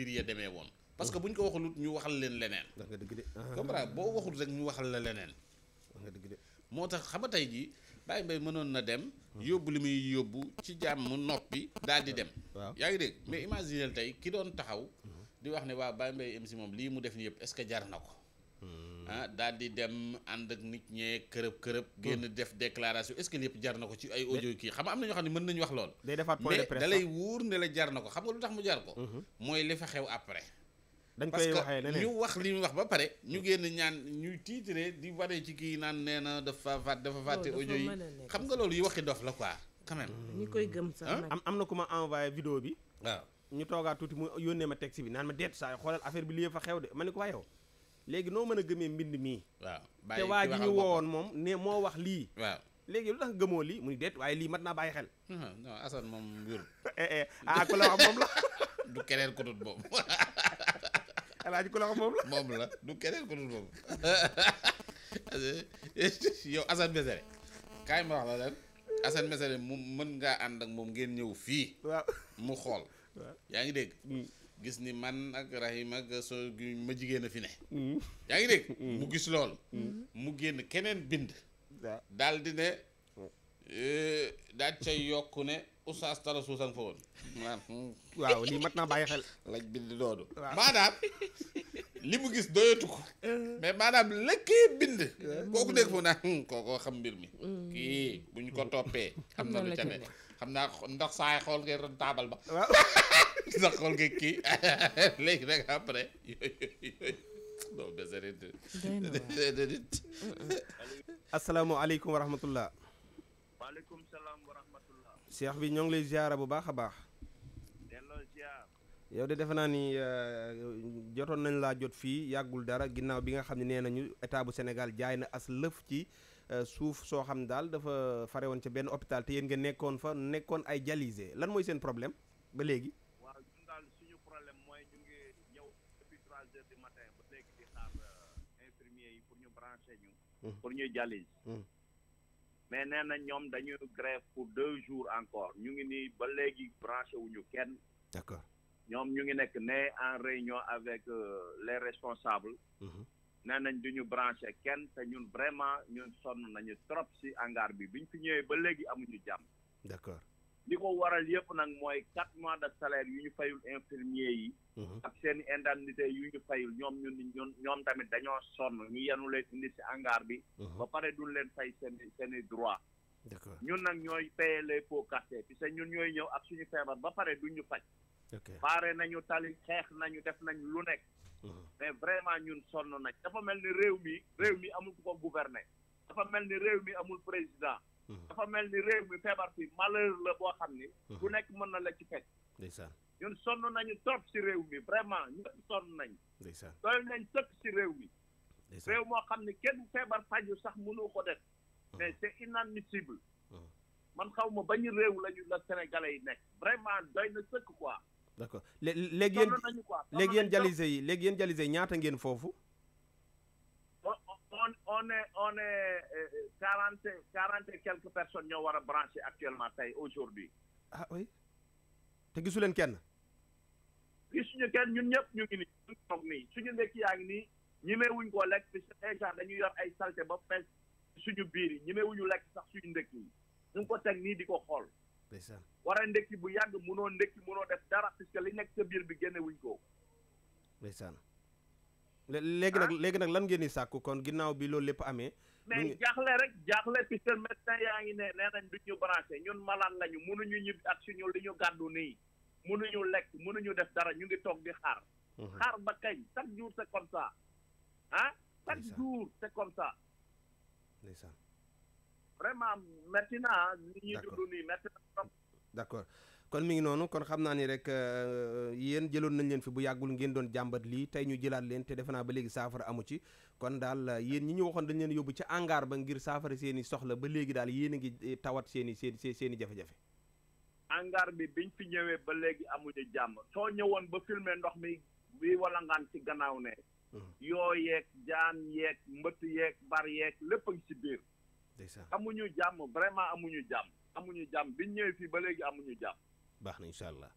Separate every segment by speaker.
Speaker 1: mbir ya woon parce que buñ ko waxulut ñu waxal leen leneen wax nga dëgg ah. boo waxul rek ñu waxal la leneen wax nga dëgg de moo tax xam nga tey jii Baye Mbaye mënoon na dem yóbbu li muy yóbbu ci jàmm noppi daal di dem waaw yaa ngi de mm-hmm. mais imaginel tey ki doon taxaw mm-hmm. di wax ne waa Baye Mbaye MC moom lii mu def ni yëpp est-ce que jar na ko mm-hmm. ah daal di dem ànd ak nit ñee kërëb kërëb hmm. génn def déclaration est-ce que jar na ko ci ay audio kii xam am na ñoo xam ne mën nañu wax lool
Speaker 2: day defaat point de presse
Speaker 1: mais na ko xam nga lu tax mu jar ko hmm. mooy li fa xew après dañ koy waxee leneen parce que ñu wax li ñu wax ba pare ñu génn ñaan ñuy tiitre di waree ci kii naan nee na dafa faat dafa fàtte audio yi xam nga loolu yi waxi dof la quoi quand même hmm. ñi
Speaker 3: koy gëm sax am
Speaker 2: am na ku ma envoyé vidéo bi waaw ah. ñu toogaat tuuti mu yónnee ma texte bi naan ma deetu saa xoolal affaire bi lii fa xew de ma ni ko waayew léegi noo mën a gëmee mbind mii. waaw te waa ji woowoon moom ne moo wax lii. waaw léegi lu tax gëmoo lii mu ni déet waaye lii mat naa bàyyi xel. non moom wér. Eh, eh, ah ku du keneen ku dul boobu.
Speaker 1: alaaji du keneen ku dul boobu. yow Assane Mesere kaay ma wax la leen Assane Mesere mu mën ngaa ànd ak moom ngeen ñëw fii. waaw mu xool. yaa ngi dégg. Mm. gis ni man ak Rahim ak soo ma jigéen a fi ne. Mm-hmm. yaa ngi dégg. Mm-hmm. mu gis lool. Mm-hmm. mu génn keneen bind. daal di ne. Mm. E, daal cay yokk ne oustaz tara suusan fa hmm.
Speaker 2: waaw lii mat naa bàyyi xel laj bind doodu
Speaker 1: maanaam li mu gis doyatu ko mais maanaam lëkkee bind kooku dégg foofu naa hmm, kookoo xam mbir mi kii bu ko toppee xam na lu ca xam naa ndax saay xool ngay ron taabal ba waaw ndax xool ngay kii léegi nag après non désolé
Speaker 2: asalaamaaleykum wa bi ñoo ngi lay ziara bu baax a baax yow de defe naa ni euh, jotoon nañ laa jot fii yàggul dara ginnaaw bi nga xam ne nee nañu état bu Sénégal jaay na as lëf ci Euh, suuf soo xam daal dafa fare woon ca benn hôpital te yéen nga nekkoon fa nekkoon ay dialysé lan mooy seen problème ba léegi.
Speaker 3: waaw ñun daal suñu problème mooy
Speaker 4: ñu ngi ñëw depuis trois heures du matin ba léegi di xaar euh, infirmier yi pour ñu branché ñu. Hmm. pour ñu dialyse. Hmm. mais nee na ñoom dañuy grève pour deux jours encore ñu ngi nii ba léegi branché wuñu kenn. d'accord ñoom ñu ngi nekk ne en réunion avec euh, les responsables. Hmm. nee nañ du ñu branché kenn te ñun vraiment ñun sonn nañu trop si hangar bi biñ fi ñëwee ba léegi ñu jàmm. d'accord li ko waral yëpp nag mooy quatre mois de salaire yu ñu fayul infirmier yi. Mhm. ak seen indemnité yu ñu fayul ñoom ñun ñoom tamit dañoo sonn ñu yenu leen indi si hangar bi. Mhm. ba pare du leen fay seen seen i droit. ñun nag ñooy payer les pots cassés parce ñun ñooy ñëw ak suñu feebar ba pare du ñu faj. baare nañu tali xeex nañu def nañ lu nekk. Uh-huh. mais vraiment ñun sonn nañ dafa mel ni réew mi réew mi amul ku ko gouverner. dafa mel ni réew mi amul président. Uh-huh. dafa mel ni réew mi feebar fi malheur la boo xam ni. bu uh-huh. nekk mën na la ci fekk. ndeysaan ñun sonn nañu trop si réew mi vraiment ñëpp sonn nañ. doy nañ tëkk si réew mi. réew moo xam ni kenn feebar faju sax mënu ko def. mais c'est inadmissible. man xaw ma bañu réew lañu la Sénégalais yi nekk. vraiment doy na sëkk quoi.
Speaker 2: d'accord léegi yéen léegi yéen dialysé yi léegi yéen dialysé yi ñaata ngeen foofu.
Speaker 4: on on est on est euh, quarante quarante et quelques personnes ñoo war a branché actuellement tey aujourd'hui
Speaker 2: ah oui te gisuleen leen kenn.
Speaker 4: gisuñu kenn ñun ñëpp ñu ngi nii ñu nii suñu ndekki yaa ngi nii ñemewuñ koo lekk parce que ay saleté ba fees suñu biir yi ñemewuñu lekk sax suñu ndekki yi ñu ko teg nii di ko xool. war a ndekki bu yàgg munoo ndekki munoo def dara puisque li nekk sa biir bi génne wuñ ko.
Speaker 2: ndeysaan léegi nag ah. léegi nag lan ngeen di sàkku kon ginnaaw bi loolu lépp amee. mais
Speaker 4: jaaxle rek jaaxle puisque médecin yaa ngi ne nee nañ duñ ñu branché ñun malade lañu mënuñu ñibbi ak suñu li ñu gàddu nii mënuñu lekk mënuñu def dara ñu ngi toog di xaar. Mhm. xaar ba kañ chaque jour sa comme ça ah. chaque jour c'est comme vraiment metti na nit ñi nii metti na
Speaker 2: d'accord kon mi ngi noonu kon xam naa ni rek euh, yéen jëloon nañ leen fi bu yàggul ngeen doon jàmbat lii tey ñu jëlaat leen te defe naa ba léegi saafara amu ci kon daal euh, yéen ñi ñu waxoon dañ leen yóbbu ci hangar ba ngir saafara seeni soxla ba léegi daal yéen a ngi euh, tawat seeni i seen seen i jafe-jafe
Speaker 4: hangar bi biñ fi ñëwee ba léegi amuñu jàmb soo ñëwoon ba filmer ndox mi bi walangaan ci gannaaw ne mhm. yoo yeeg jaan yeeg amuñu jàmm vraiment amuñu jàmm amuñu jàmm biñ ñëwee fii ba léegi amuñu jàmm baax na incha allah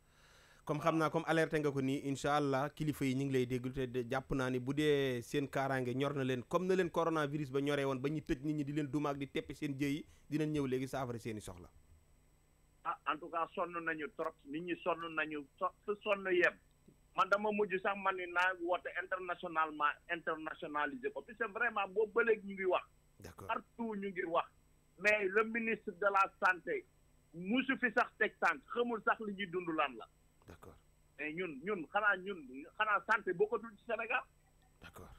Speaker 2: comme xam naa comme alerté nga ko nii incha allah kilifa yi ñu ngi lay déglu te jàpp naa ni bu dee seen kaaraange ñor na leen comme na leen coronavirus ba ñoree woon ba ñu tëj nit ñi di leen dumaak di teppi seen jëyi dinañ ñëw léegi saafara seeni i soxla
Speaker 4: ah en tout cas sonn nañu trop nit ñi sonn nañu so sonn yem man dama mujj sax man ni naa woote internationalement d'accord partout ñu ngi wax mais le ministre de la santé musu fi sax teg tànk xamul sax li ñuy dund lan la d'accord mais ñun ñun xanaa ñun xanaa santé bokkatul ci Sénégal d'accord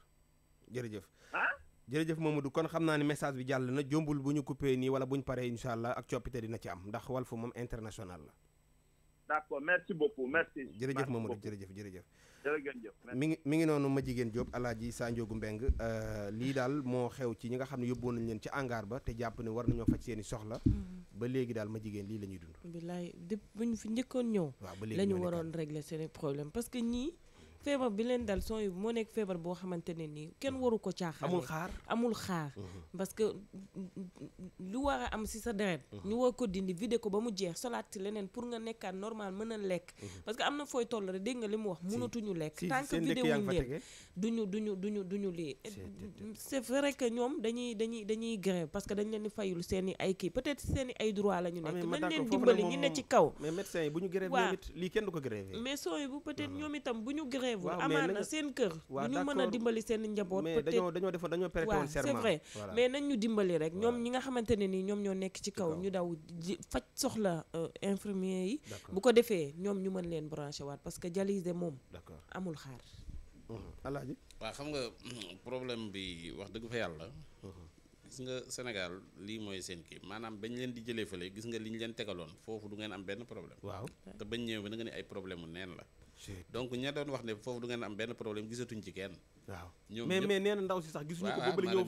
Speaker 2: jërëjëf ah jërëjëf Mamadou kon xam naa ne message bi jàll na jombul bu ñu coupé nii wala bu paree incha allah ak coppite dina ci am ndax wal Walf moom international la
Speaker 4: d'accord merci beaucoup merci jërëjëf Mamadou jërëjëf jërëjëf
Speaker 2: mi ngi mi ngi noonu ma jigéen Diop alaaji Sa Ndiogou Mbengue euh, lii daal moo xew ci ñi nga xam ne yóbboon leen ci angaar ba te jàpp ne war nañoo faj seen i soxla mm-hmm. ba léegi daal ma jigéen lii la ñuy dund
Speaker 3: di bu ñu fi njëkkoon ñëw waaw ba léegi la ñu waroon régler seen problème feebar bi leen dal son yi moo nekk feebar boo xamante nii kenn waru ko caaxaan. amul xaar amul xaar. Mm-hmm. parce que lu war a am si sa deret. Mm-hmm. ñu war ko dindi vider ko ba mu jeex solaat si leneen pour nga nekkaat normal mën a lekk. Mm-hmm. parce que am na fooy toll rek dégg nga li mu wax. mënatuñu lekk tant que vidéo wuñ leen duñu duñu duñu duñu lii. c'est vrai que ñoom dañuy dañuy dañuy grève parce que dañ leen di fayul seen i ay kii peut-être seen i ay droit la ñu ah, nekk. nañ leen dimbali ñu ne ci kaw. mais médecin yi bu ñu grève ñoom it lii ko grève rêve amaana seen kër du ñu mën a dimbali seen njaboot peut-être dañoo defoon dañoo prêté woon serment c'est vrai mais nañ ñu dimbali rek ñoom ñi nga xamante ne nii ñoom ñoo nekk ci kaw ñu daw faj soxla euh, infirmier yi bu ko defee ñoom ñu mën leen branché waat parce que dialyse moom amul xaar mmh. alaaji
Speaker 1: waaw xam nga mmh, problème bi wax dëgg fa yàlla mmh. gis nga Sénégal lii mooy seen kii maanaam bañ leen di jëlee fële gis nga li ñu leen tegaloon foofu du ngeen am benn problème waaw te bañ ñëwee ba na nga ay problème mu neen la donc ña doon wax ne foofu du ngeen am benn problème gisatuñ ci kenn. waaw ñoom mais mais nee na ndaw si sax gisuñu ko. ba bëri ñëw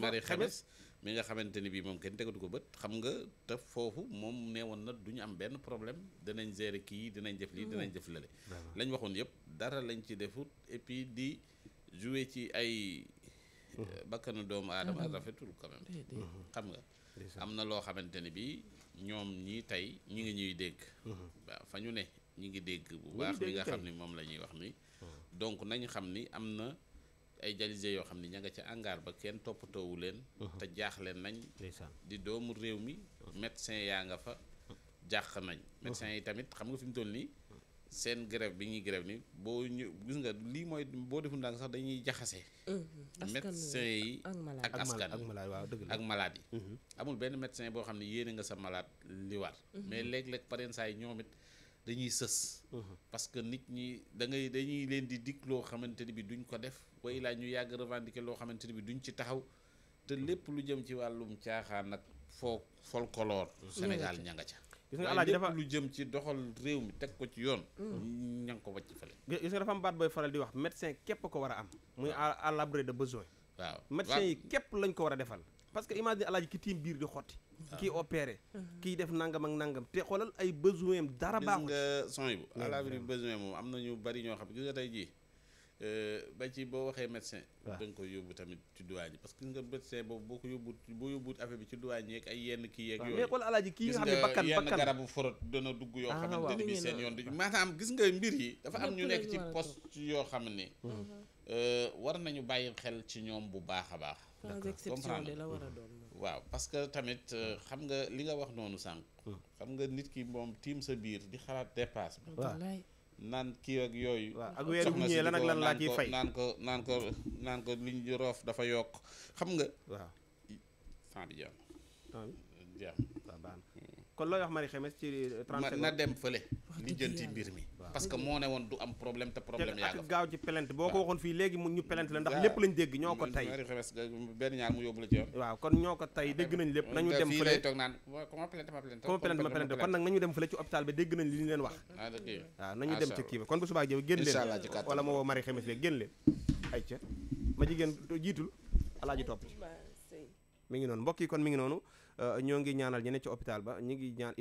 Speaker 1: mi nga xamante ni bii moom kenn tegatu ko bët xam nga te foofu moom nee woon na duñu am benn problème dinañ gérer kii dinañ def lii dinañ def lële. lañ waxoon yëpp dara lañ ci defut et puis di jouer ci ay. Euh, bakkanu doomu aadama rafetul quand xam nga. am na loo xamante ni bii ñoom ñii tey ñi ngi ñuy dégg. waaw fa ñu ne ñi ngi dégg bu baax li nga xam ni moom la ñuy wax ni hmm. donc nañu xam ni am na ay dialysés yoo xam ni ña nga ca angaar ba kenn toppatoowu leen hmm. te jaaxle nañ di doomu réew mi hmm. médecin yaa nga fa jàq nañ médecin yi tamit xam nga fi mu toll nii seen grève bi ñuy grève ni boo ñu gis nga lii mooy boo defu ndànk sax dañuy jaxase médecin yi ak askan ak malade yi amul benn médecin boo xam ne yéene nga sa malaat li war mais léeg-léeg pareen saa yi ñoom dañuy sës. Mhm. parce que nit ñi da ngay dañuy leen di dig loo xamante ni bi duñ ko def way laa ñu yàgg revendiquer loo xamante ni bi duñ ci taxaw te mhm. lépp lu jëm ci wàllum caaxaan ak foo folklore mhm. Sénégal ña nga ca. gis nga alaaji dafa
Speaker 2: lu jëm ci doxal réew mi teg ko ci yoon. ña nga ko wàcc fële. gis nga dafa baat booy faral di wax médecin képp ko war a am. muy à l'abri de besoin. waaw médecin yi képp lañ ko war a defal. parce que imagine alaaji ki tiim biir di xotti. kii opéré kii def nangam ak nangam te xoolal ay besoin am dara baaxul nga son yi à l'avenir
Speaker 1: moom am na ñu bari ñoo xam ne gis nga tey jii euh, ba ci boo waxee médecin da nga koy yóbbu tamit ci douane yi parce que nga médecin boobu boo ko yóbbu boo yóbbuut affaire bi ci douane yenn kii yeeg yooyu mais xool alaaji kii nga xam ne bakkan bakkan yenn garabu forot dugg yoo ah, xamante ne bi seen yoon maanaam gis nga mbir yi dafa am ñu nekk ci poste yoo xam ne mhm. euh, war nañu bàyyi xel ci ñoom bu baax a baax comprendre la war a doon waaw parce que tamit euh, xam nga li nga wax noonu sànq. Hmm. xam nga nit ki moom tiim sa biir di xalaat dépasse bi. naan kii ak yooyu. lan ak lan laa ciy naan ko naan ko naan ko liñ roof dafa yokk xam nga. waaw temps bi jeex na.
Speaker 2: kon looy wax Marie Xemes ci 30 na dem fële lijjanti mbir mi parce que moo ne woon du am problème te problème yaa gaaw ci plainte boo ko waxoon fii léegi mu ñu plainte la ndax lépp lañ dégg ñoo ko tey waaw kon ñoo ko tey dégg nañu li ñu leen wax ah, waaw nañu dem ci kii ba kon bu subaa jëw génn leen wala ma woo Xemes léegi génn leen ay ca ma jigéen jiitul alaaji topp ci ngi noonu mbokk yi kon mi ngi noonu ñoo ngi ñaanal ñene ci hôpital ba ñu ngi ñaan